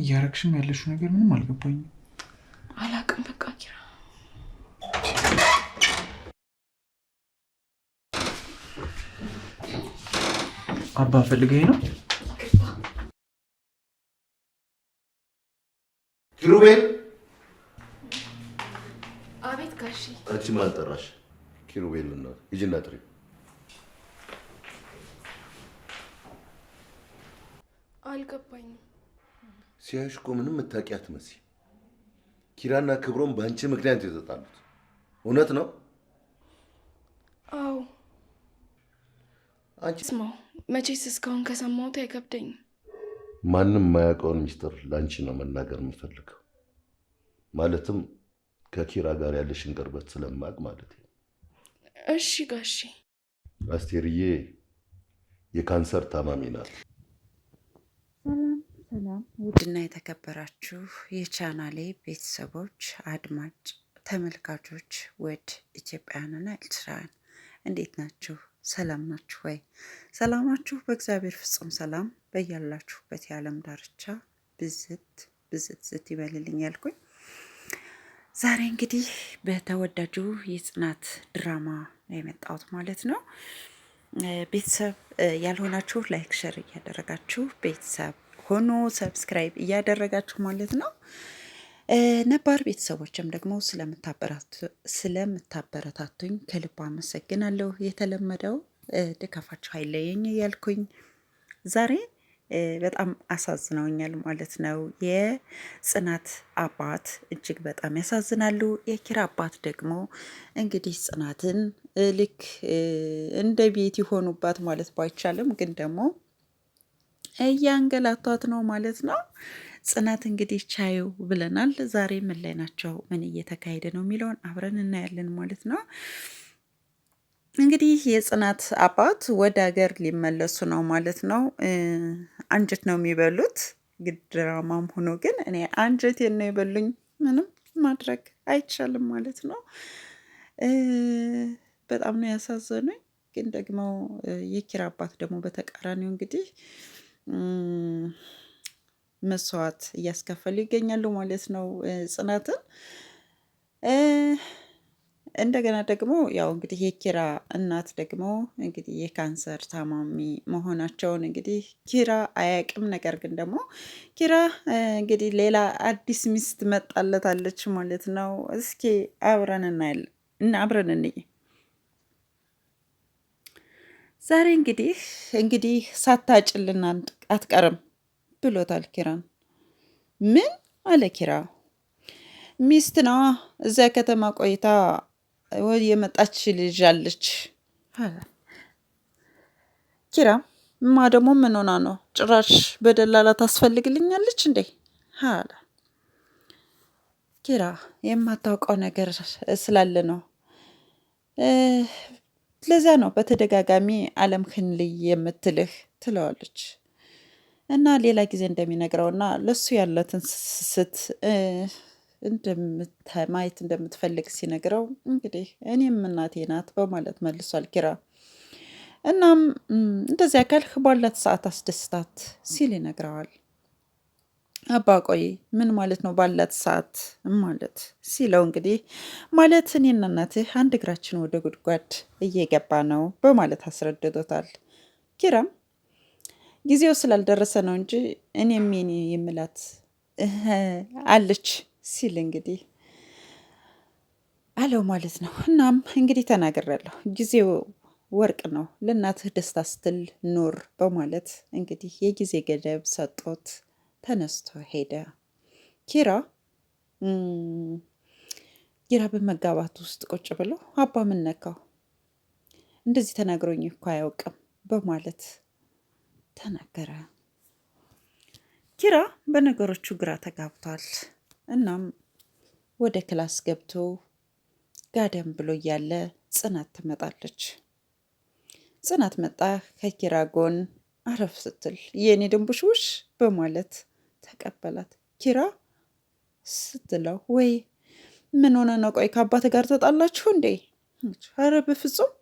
እያረግሽም ያለሽው ነገር ምንም አልገባኝም። አላቅም በቃ ኪራ አባ ፈልገኝ ነው። ኪሩቤል አቤት ጋሺ። አንቺ ማን ጠራሽ? ኪሩቤል እና ሂጂና ጥሪ። አልገባኝም ሲያዩሽ እኮ ምንም የምታውቂ አትመስይም። ኪራና ክብሮም በአንቺ ምክንያት የተጣሉት እውነት ነው? አዎ። አንቺ ስማው፣ መቼስ እስካሁን ከሰማሁት አይከብደኝም። ማንም የማያውቀውን ሚስጥር ለአንቺ ነው መናገር የምፈልገው። ማለትም ከኪራ ጋር ያለሽን ቅርበት ስለማቅ ማለት ነው። እሺ ጋሺ። አስቴርዬ የካንሰር ታማሚ ናት። ሰላም ውድና የተከበራችሁ የቻናሌ ቤተሰቦች አድማጭ ተመልካቾች ወድ ኢትዮጵያውያንና ኤርትራውያን እንዴት ናችሁ? ሰላም ናችሁ ወይ? ሰላማችሁ በእግዚአብሔር ፍጹም ሰላም በያላችሁበት የዓለም ዳርቻ ብዝት ብዝት ዝት ይበልልኝ ያልኩኝ ዛሬ እንግዲህ በተወዳጁ የጽናት ድራማ የመጣሁት ማለት ነው። ቤተሰብ ያልሆናችሁ ላይክ ሸር እያደረጋችሁ ቤተሰብ ሆኖ ሰብስክራይብ እያደረጋችሁ ማለት ነው። ነባር ቤተሰቦችም ደግሞ ስለምታበረታቱኝ ከልብ አመሰግናለሁ። የተለመደው ድጋፋችሁ አይለየኝ እያልኩኝ ዛሬ በጣም አሳዝነውኛል ማለት ነው። የጽናት አባት እጅግ በጣም ያሳዝናሉ። የኪራ አባት ደግሞ እንግዲህ ጽናትን ልክ እንደ ቤት ይሆኑባት ማለት ባይቻልም ግን ደግሞ እያንገላቷት ነው ማለት ነው። ጽናት እንግዲህ ቻዩ ብለናል። ዛሬ ምን ላይ ናቸው፣ ምን እየተካሄደ ነው የሚለውን አብረን እናያለን ማለት ነው። እንግዲህ የጽናት አባት ወደ ሀገር ሊመለሱ ነው ማለት ነው። አንጀት ነው የሚበሉት። ግድራማም ሆኖ ግን እኔ አንጀቴን ነው የበሉኝ። ምንም ማድረግ አይቻልም ማለት ነው። በጣም ነው ያሳዘኑኝ። ግን ደግሞ የኪራ አባት ደግሞ በተቃራኒው እንግዲህ መስዋዕት እያስከፈሉ ይገኛሉ ማለት ነው ጽናትን። እንደገና ደግሞ ያው እንግዲህ የኪራ እናት ደግሞ እንግዲህ የካንሰር ታማሚ መሆናቸውን እንግዲህ ኪራ አያውቅም። ነገር ግን ደግሞ ኪራ እንግዲህ ሌላ አዲስ ሚስት መጣለታለች ማለት ነው። እስኪ አብረን እናያለን እና አብረን እንይ ዛሬ እንግዲህ እንግዲህ ሳታጭልና አትቀርም ብሎታል ኪራን። ምን አለ ኪራ። ሚስት ነዋ እዚያ ከተማ ቆይታ የመጣች ልጅ አለች። ኪራ ማ ደግሞ ምን ሆና ነው? ጭራሽ በደላላ ታስፈልግልኛለች እንዴ? አለ ኪራ። የማታውቀው ነገር ስላለ ነው ለዛ ነው በተደጋጋሚ አለም ክንልይ የምትልህ ትለዋለች። እና ሌላ ጊዜ እንደሚነግረው ና ለሱ ያለትን ስስት ማየት እንደምትፈልግ ሲነግረው እንግዲህ እኔም እናቴ ናት በማለት መልሷል ኪራ። እናም እንደዚያ ካልህ ባላት ሰዓት አስደስታት ሲል ይነግረዋል። አባቆይ ምን ማለት ነው ባላት ሰዓት ማለት ሲለው እንግዲህ ማለት እኔና እናትህ አንድ እግራችን ወደ ጉድጓድ እየገባ ነው በማለት አስረድቶታል። ኪራም ጊዜው ስላልደረሰ ነው እንጂ እኔም የኔ የምላት አለች ሲል እንግዲህ አለው ማለት ነው። እናም እንግዲህ ተናግሬያለሁ ጊዜው ወርቅ ነው፣ ለእናትህ ደስታ ስትል ኑር በማለት እንግዲህ የጊዜ ገደብ ሰጦት ተነስቶ ሄደ። ኪራ ኪራ በመጋባት ውስጥ ቁጭ ብሎ አባ ምን ነካው እንደዚህ ተናግሮኝ እኮ አያውቅም በማለት ተናገረ። ኪራ በነገሮቹ ግራ ተጋብቷል። እናም ወደ ክላስ ገብቶ ጋደም ብሎ እያለ ጽናት ትመጣለች። ጽናት መጣ ከኪራ ጎን አረፍ ስትል የእኔ ድንቡሽውሽ በማለት ተቀበላት። ኪራ ስትለው ወይ ምን ሆነ ነው? ቆይ ከአባት ጋር ተጣላችሁ እንዴ? አረ በፍጹም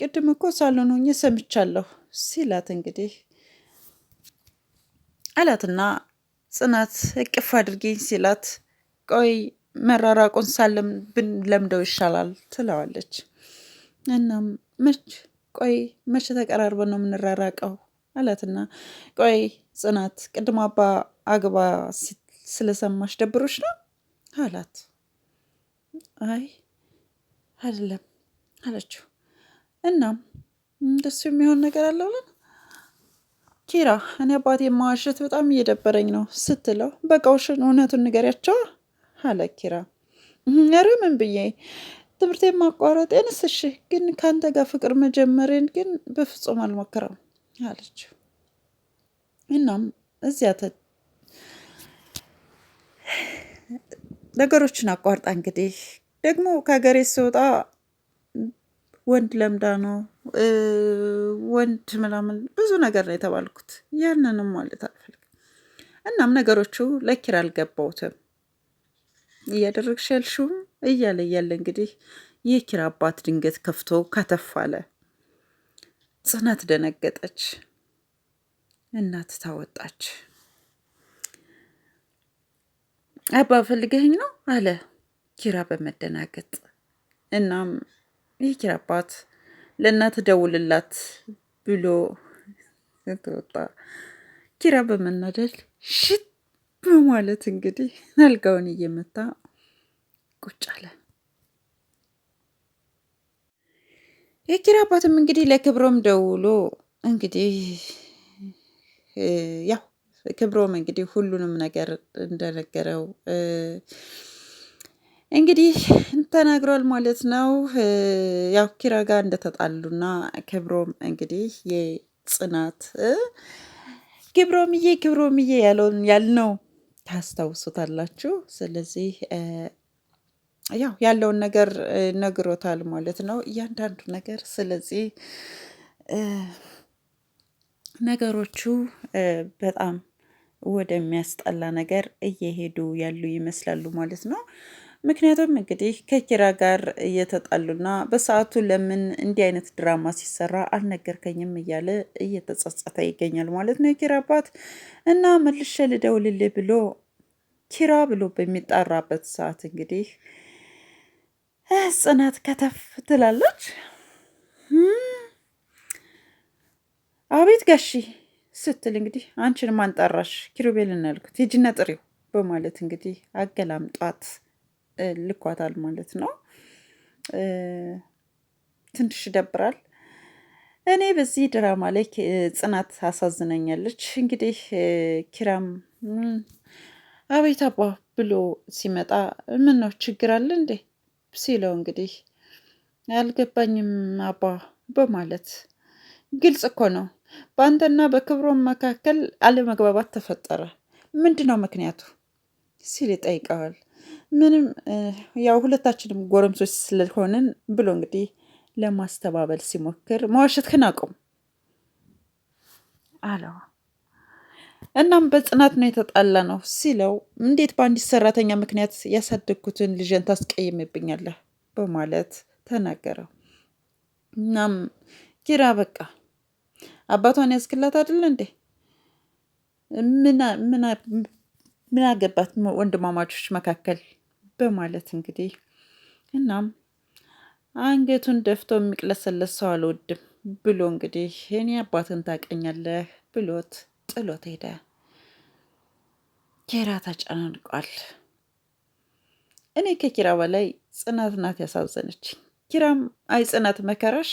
ቅድም እኮ ሳሎን ሆኜ ሰምቻለሁ ሲላት እንግዲህ አላትና ጽናት እቅፍ አድርጌኝ ሲላት ቆይ መራራቁን ሳለም ብን ለምደው ይሻላል ትለዋለች። እናም መች ቆይ መቼ ተቀራርበን ነው የምንራራቀው አላትና ቆይ ጽናት ቅድም አባ አግባ ስለሰማሽ ደብሮች ነው አላት። አይ አይደለም አለችው። እናም እንደሱ የሚሆን ነገር አለው ኪራ እኔ አባቴ የማዋሸት በጣም እየደበረኝ ነው ስትለው፣ በቃ ውሽን እውነቱን ንገሪያቸው አለ ኪራ። ኧረ ምን ብዬ ትምህርቴን ማቋረጤንስ እሺ፣ ግን ከአንተ ጋር ፍቅር መጀመሬን ግን በፍጹም አልሞክረውም አለችው። እናም እዚያ ነገሮችን አቋርጣ እንግዲህ ደግሞ ከሀገሬ ስወጣ ወንድ ለምዳ ነው ወንድ ምናምን ብዙ ነገር ነው የተባልኩት። ያንንም ማለት አልፈልግም። እናም ነገሮቹ ለኪራ አልገባውትም። እያደረግሽ ያልሽውም እያለ እያለ እንግዲህ የኪራ አባት ድንገት ከፍቶ ከተፋለ ጽናት ደነገጠች። እናት ታወጣች። አባ ፈልገኝ ነው አለ ኪራ በመደናገጥ። እናም የኪራ አባት ለእናት ደውልላት ብሎ ተወጣ። ኪራ በመናደል ሽት በማለት እንግዲህ አልጋውን እየመታ ቁጭ አለ። የኪራ አባትም እንግዲህ ለክብሮም ደውሎ እንግዲህ ያው ክብሮም እንግዲህ ሁሉንም ነገር እንደነገረው እንግዲህ ተናግሯል ማለት ነው። ያው ኪራ ጋር እንደተጣሉና ክብሮም እንግዲህ የጽናት ክብሮምዬ ክብሮምዬ ያለውን ያልነው ታስታውሱታላችሁ። ስለዚህ ያው ያለውን ነገር ነግሮታል ማለት ነው። እያንዳንዱ ነገር ስለዚህ ነገሮቹ በጣም ወደሚያስጠላ ነገር እየሄዱ ያሉ ይመስላሉ ማለት ነው። ምክንያቱም እንግዲህ ከኪራ ጋር እየተጣሉና በሰዓቱ ለምን እንዲህ አይነት ድራማ ሲሰራ አልነገርከኝም እያለ እየተጸጸተ ይገኛል ማለት ነው የኪራ አባት እና መልሼ ልደውልልህ ብሎ ኪራ ብሎ በሚጣራበት ሰዓት እንግዲህ ጽናት ከተፍ ትላለች። አቤት ጋሺ ስትል እንግዲህ አንቺን ማንጠራሽ ኪሩቤል እናልኩት ሂጂና ጥሪው በማለት እንግዲህ አገላምጧት ልኳታል ማለት ነው። ትንሽ ይደብራል። እኔ በዚህ ድራማ ላይ ጽናት አሳዝነኛለች። እንግዲህ ኪራም አቤት አባ ብሎ ሲመጣ ምን ነው ችግር አለ እንዴ ሲለው እንግዲህ አልገባኝም አባ በማለት ግልጽ እኮ ነው። በአንተና በክብሮም መካከል አለመግባባት ተፈጠረ። ምንድን ነው ምክንያቱ ሲል ይጠይቀዋል። ምንም ያው ሁለታችንም ጎረምሶች ስለሆንን ብሎ እንግዲህ ለማስተባበል ሲሞክር መዋሸትህን አቁም አለዋ። እናም በጽናት ነው የተጣላ ነው ሲለው እንዴት በአንዲት ሰራተኛ ምክንያት ያሳደግኩትን ልጅን ታስቀይምብኛለህ በማለት ተናገረው። እናም ኪራ በቃ አባቷን ያስክላት አይደለ እንዴ ምን አገባት ወንድማማቾች መካከል በማለት እንግዲህ እናም አንገቱን ደፍቶ የሚቅለሰለስ ሰው አልወድም ብሎ እንግዲህ እኔ አባትን ታቀኛለህ ብሎት ጥሎት ሄደ። ኪራ ተጨናንቋል። እኔ ከኪራ በላይ ጽናት ናት ያሳዘነች። ኪራም አይ ጽናት መከራሽ፣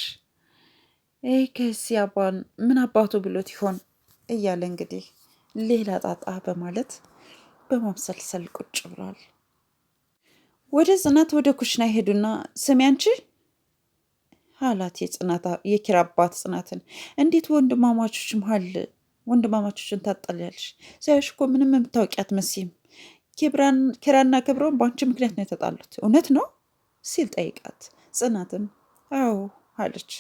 ይህ ከዚህ አባን ምን አባቱ ብሎት ይሆን እያለ እንግዲህ ሌላ ጣጣ በማለት በማምሰልሰል ቁጭ ብሏል። ወደ ጽናት ወደ ኩሽና ይሄዱና ስሚ አንቺ አላት የኪራ አባት ጽናትን፣ እንዴት ወንድማማቾች መሀል ወንድማማቾችን ታጣልያለሽ። ሳይሽ እኮ ምንም የምታወቂ አትመስይም። ኪራና ክብሮም በአንቺ ምክንያት ነው የተጣሉት፣ እውነት ነው ሲል ጠይቃት፣ ጽናትም አዎ አለች።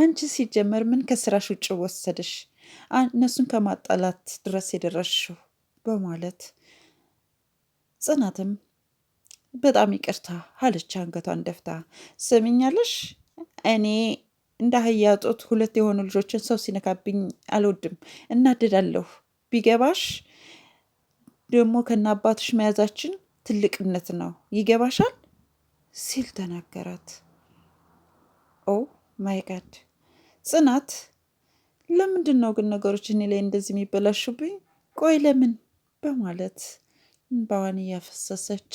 አንቺ ሲጀመር ምን ከስራሽ ውጭ ወሰደሽ? እነሱን ከማጣላት ድረስ የደረስሽው በማለት ጽናትም በጣም ይቅርታ አለች አንገቷን ደፍታ። ስምኛለሽ እኔ እንደ አህያ ጦት ሁለት የሆኑ ልጆችን ሰው ሲነካብኝ አልወድም፣ እናድዳለሁ። ቢገባሽ ደግሞ ከነ አባትሽ መያዛችን ትልቅነት ነው። ይገባሻል ሲል ተናገራት። ኦ ማይ ጋድ ጽናት፣ ለምንድን ነው ግን ነገሮች እኔ ላይ እንደዚህ የሚበላሹብኝ? ቆይ ለምን በማለት እንባዋን እያፈሰሰች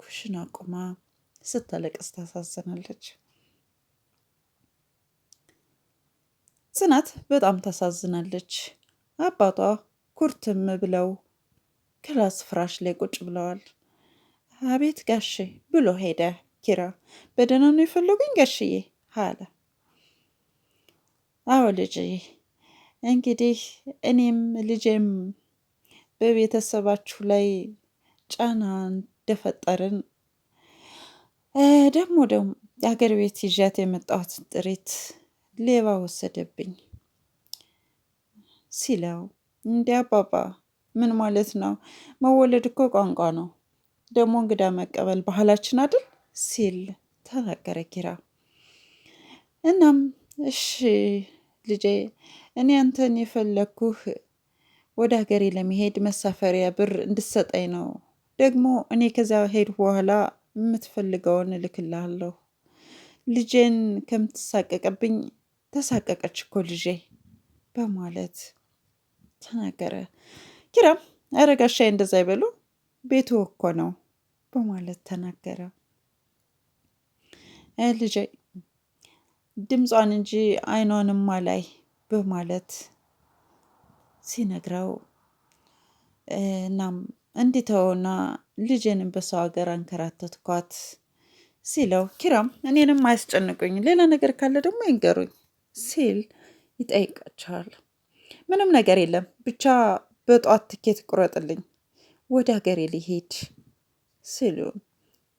ኩሽና ቁማ ስታለቅስ ታሳዝናለች። ጽናት በጣም ታሳዝናለች። አባቷ ኩርትም ብለው ክላስ ፍራሽ ላይ ቁጭ ብለዋል። አቤት ጋሼ ብሎ ሄደ ኪራ። በደህና ነው የፈለጉኝ ጋሽዬ አለ። አዎ ልጄ፣ እንግዲህ እኔም ልጄም በቤተሰባችሁ ላይ ጫና እንደፈጠርን ደግሞ ደግሞ አገር ቤት ይዣት የመጣሁት ጥሪት ሌባ ወሰደብኝ ሲለው እንዲ አባባ ምን ማለት ነው? መወለድ እኮ ቋንቋ ነው። ደግሞ እንግዳ መቀበል ባህላችን አይደል? ሲል ተናገረ ኪራ። እናም እሺ ልጄ፣ እኔ አንተን የፈለግኩህ ወደ ሀገሬ ለመሄድ መሳፈሪያ ብር እንድሰጠኝ ነው። ደግሞ እኔ ከዚያ ሄድ በኋላ የምትፈልገውን እልክልሃለሁ። ልጄን ከምትሳቀቅብኝ ተሳቀቀች እኮ ልጄ በማለት ተናገረ። ኪራም ኧረ ጋሻዬ እንደዛ ይበሉ ቤቱ እኮ ነው በማለት ተናገረ። ልጄ ድምጿን እንጂ አይኗንማ ላይ በማለት ሲነግረው እናም እንዲተውና ልጄንም በሰው ሀገር አንከራተትኳት ሲለው ኪራም እኔንም አያስጨንቁኝ፣ ሌላ ነገር ካለ ደግሞ ይንገሩኝ ሲል ይጠይቃቸዋል። ምንም ነገር የለም ብቻ በጧት ትኬት ቁረጥልኝ ወደ ሀገሬ ሊሄድ ሲሉ፣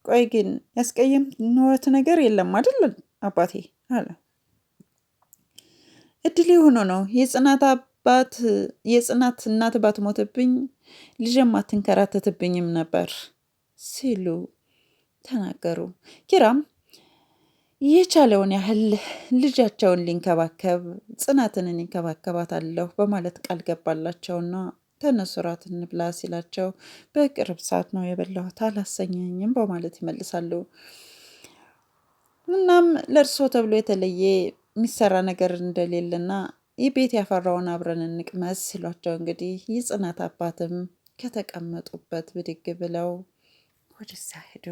ቆይ ግን ያስቀየም ኖረት ነገር የለም አይደል አባቴ አለ። እድል የሆኖ ነው የጽናት አባት የጽናት እናት ባትሞትብኝ ልጄም አትንከራተትብኝም ነበር ሲሉ ተናገሩ። ኪራም የቻለውን ያህል ልጃቸውን ሊንከባከብ ጽናትን እንከባከባታለሁ በማለት ቃል ገባላቸውና ተነሱ ራት እንብላ ሲላቸው በቅርብ ሰዓት ነው የበላሁት አላሰኘኝም በማለት ይመልሳሉ። እናም ለእርሶ ተብሎ የተለየ የሚሰራ ነገር እንደሌለና የቤት ያፈራውን አብረን እንቅመስ ሲሏቸው እንግዲህ የጽናት አባትም ከተቀመጡበት ብድግ ብለው ወደዛ ሄዱ።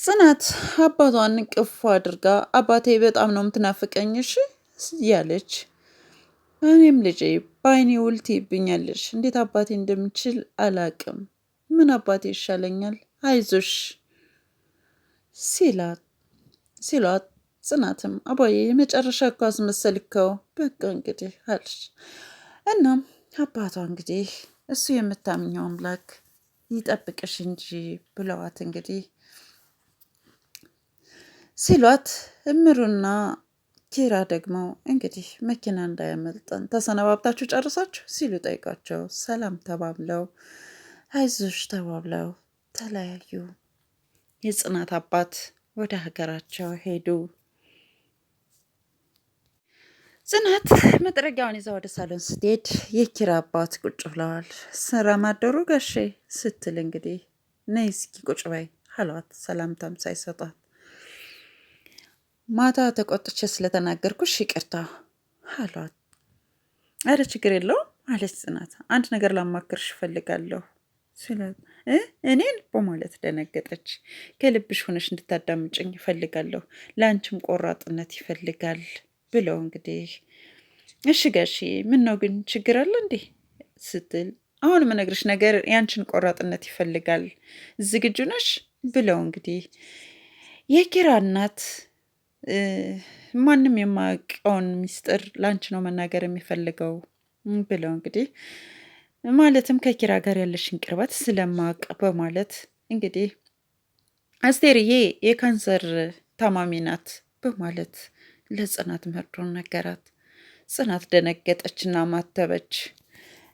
ጽናት አባቷን ቅፍ አድርጋ አባቴ በጣም ነው የምትናፍቀኝ እሺ እያለች እኔም ልጄ በአይኔ ውልት ይብኛለች እንዴት አባቴ እንደምችል አላቅም። ምን አባቴ ይሻለኛል፣ አይዞሽ ሲሏት ጽናትም አባዬ የመጨረሻ እኮ አስመሰልከው፣ በቃ እንግዲህ አለች። እናም አባቷ እንግዲህ እሱ የምታምኘው አምላክ ይጠብቅሽ እንጂ ብለዋት እንግዲህ ሲሏት እምሩና ኪራ ደግሞ እንግዲህ መኪና እንዳያመልጠን ተሰነባብታችሁ ጨርሳችሁ ሲሉ ጠይቋቸው፣ ሰላም ተባብለው አይዞሽ ተባብለው ተለያዩ። የጽናት አባት ወደ ሀገራቸው ሄዱ። ጽናት መጥረጊያውን ይዛ ወደ ሳሎን ስትሄድ የኪራ አባት ቁጭ ብለዋል። ስራ ማደሩ ጋሼ ስትል እንግዲህ ነይ እስኪ ቁጭ በይ አሏት፣ ሰላምታም ሳይሰጧት ማታ ተቆጥቼ ስለተናገርኩሽ ይቅርታ አሏት። አረ ችግር የለውም አለች ጽናት። አንድ ነገር ላማክርሽ እፈልጋለሁ እኔ እኔን በማለት ደነገጠች። ከልብሽ ሆነሽ እንድታዳምጭኝ ይፈልጋለሁ፣ ለአንቺም ቆራጥነት ይፈልጋል ብለው እንግዲህ እሺ ምን ነው ግን ችግር አለ እንዴ? ስትል አሁን የምነግርሽ ነገር ያንቺን ቆራጥነት ይፈልጋል፣ ዝግጁ ነሽ? ብለው እንግዲህ የኪራ እናት ማንም የማያውቀውን ሚስጥር ላንች ነው መናገር የሚፈልገው ብለው እንግዲህ ማለትም ከኪራ ጋር ያለሽን ቅርበት ስለማቅ በማለት እንግዲህ አስቴርዬ የካንሰር ታማሚ ናት በማለት ለጽናት መርዶን ነገራት። ጽናት ደነገጠች እና ማተበች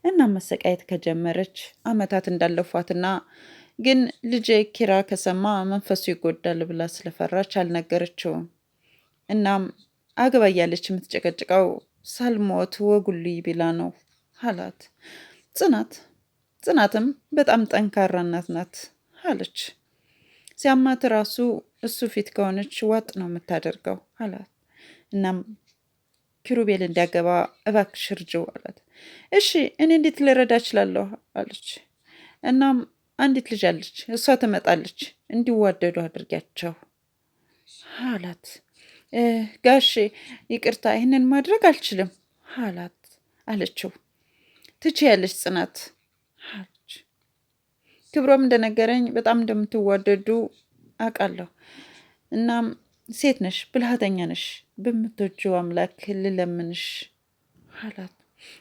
እና መሰቃየት ከጀመረች አመታት እንዳለፏትና ግን ልጄ ኪራ ከሰማ መንፈሱ ይጎዳል ብላ ስለፈራች አልነገረችውም። እናም አገባ እያለች የምትጨቀጭቀው ሳልሞት ወጉልይ ቢላ ነው አላት። ጽናት ጽናትም በጣም ጠንካራ እናት ናት አለች። ሲያማት ራሱ እሱ ፊት ከሆነች ዋጥ ነው የምታደርገው አላት። እናም ኪሩቤል እንዲያገባ እባክሽ እርጅው አላት። እሺ እኔ እንዴት ልረዳ እችላለሁ አለች። እናም አንዲት ልጅ አለች፣ እሷ ትመጣለች፣ እንዲዋደዱ አድርጊያቸው አላት። ጋሼ ይቅርታ፣ ይህንን ማድረግ አልችልም አላት አለችው። ትችያለሽ ጽናት አለች። ክብሮም እንደነገረኝ በጣም እንደምትዋደዱ አውቃለሁ። እናም ሴት ነሽ፣ ብልሃተኛ ነሽ፣ በምትወጂው አምላክ ልለምንሽ አላት።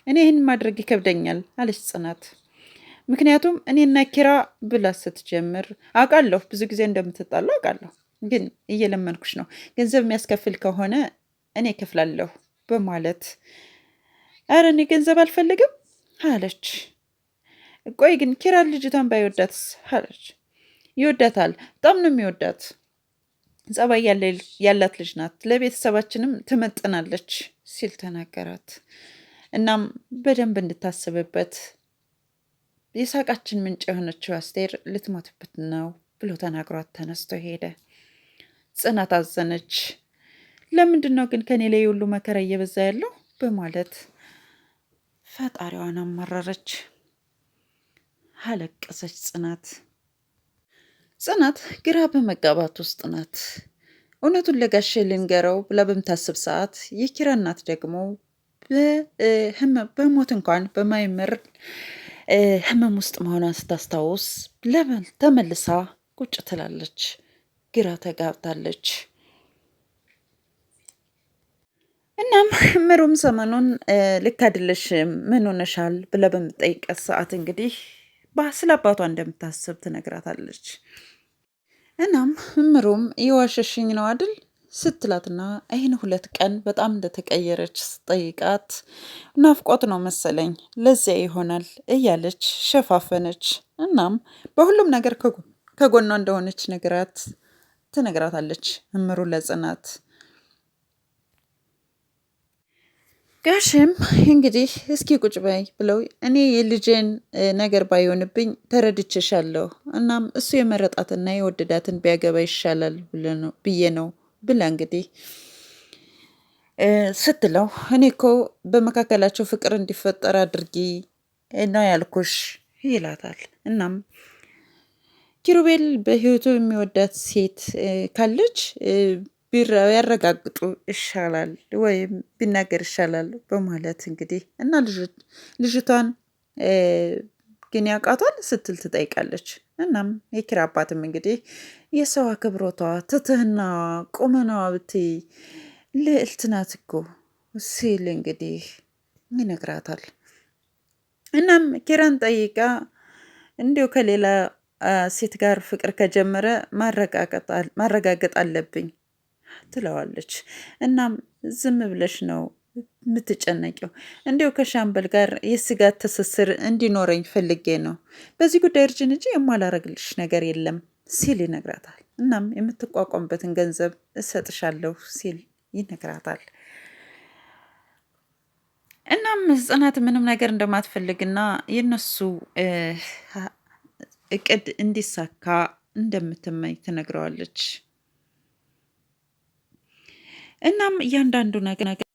እኔ ይህን ማድረግ ይከብደኛል አለች ጽናት። ምክንያቱም እኔና ኪራ ብላ ስትጀምር አውቃለሁ፣ ብዙ ጊዜ እንደምትጣሉ አውቃለሁ ግን እየለመንኩሽ ነው፣ ገንዘብ የሚያስከፍል ከሆነ እኔ ከፍላለሁ በማለት አረ እኔ ገንዘብ አልፈልግም አለች። ቆይ ግን ኪራ ልጅቷን ባይወዳትስ አለች። ይወዳታል፣ በጣም ነው የሚወዳት። ጸባይ ያላት ልጅ ናት፣ ለቤተሰባችንም ትመጥናለች ሲል ተናገራት። እናም በደንብ እንድታስብበት የሳቃችን ምንጭ የሆነችው አስቴር ልትሞትበት ነው ብሎ ተናግሯት ተነስቶ ሄደ። ጽናት አዘነች። ለምንድን ነው ግን ከኔ ላይ ሁሉ መከራ እየበዛ ያለው በማለት ፈጣሪዋን አማረረች፣ አለቀሰች። ጽናት ጽናት ግራ በመጋባት ውስጥ ናት። እውነቱን ለጋሼ ልንገረው ብላ በምታስብ ሰዓት የኪራ እናት ደግሞ በሞት እንኳን በማይምር ህመም ውስጥ መሆኗን ስታስታውስ ለበል ተመልሳ ቁጭ ትላለች። ግራ ተጋብታለች። እናም ምሩም ሰሞኑን ልክ አይደለሽም ምን ሆነሻል ብለ በምጠይቀት ሰዓት እንግዲህ ስለ አባቷ እንደምታስብ ትነግራታለች። እናም ምሩም የዋሸሽኝ ነው አይደል ስትላትና ይህን ሁለት ቀን በጣም እንደተቀየረች ስጠይቃት ናፍቆት ነው መሰለኝ ለዚያ ይሆናል እያለች ሸፋፈነች። እናም በሁሉም ነገር ከጎኗ እንደሆነች ነግራት ትነግራታለች እምሩ ለጽናት። ጋሽም እንግዲህ እስኪ ቁጭ በይ ብለው እኔ የልጄን ነገር ባይሆንብኝ ተረድቼሻለሁ። እናም እሱ የመረጣትና የወደዳትን ቢያገባ ይሻላል ብዬ ነው ብላ እንግዲህ ስትለው እኔ እኮ በመካከላቸው ፍቅር እንዲፈጠር አድርጊ ነው ያልኩሽ ይላታል። እናም ኪሩቤል በህይወቱ የሚወዳት ሴት ካለች ያረጋግጡ ይሻላል ወይም ቢናገር ይሻላል በማለት እንግዲህ እና ልጅቷን ግን ያውቃቷል ስትል ትጠይቃለች። እናም የኪራ አባትም እንግዲህ የሰው አክብሮቷ፣ ትትህናዋ፣ ቁመናዋ ብትይ ልዕልት ናት እኮ ሲል እንግዲህ ይነግራታል። እናም ኪራን ጠይቃ እንዲሁ ከሌላ ሴት ጋር ፍቅር ከጀመረ ማረጋገጥ አለብኝ ትለዋለች። እናም ዝም ብለሽ ነው የምትጨነቂው። እንዲሁ ከሻምበል ጋር የስጋት ትስስር እንዲኖረኝ ፈልጌ ነው። በዚህ ጉዳይ እርጅን እንጂ የማላረግልሽ ነገር የለም ሲል ይነግራታል። እናም የምትቋቋምበትን ገንዘብ እሰጥሻለሁ ሲል ይነግራታል። እናም ጽናት ምንም ነገር እንደማትፈልግና የነሱ እቅድ እንዲሳካ እንደምትመኝ ትነግረዋለች። እናም እያንዳንዱ ነገር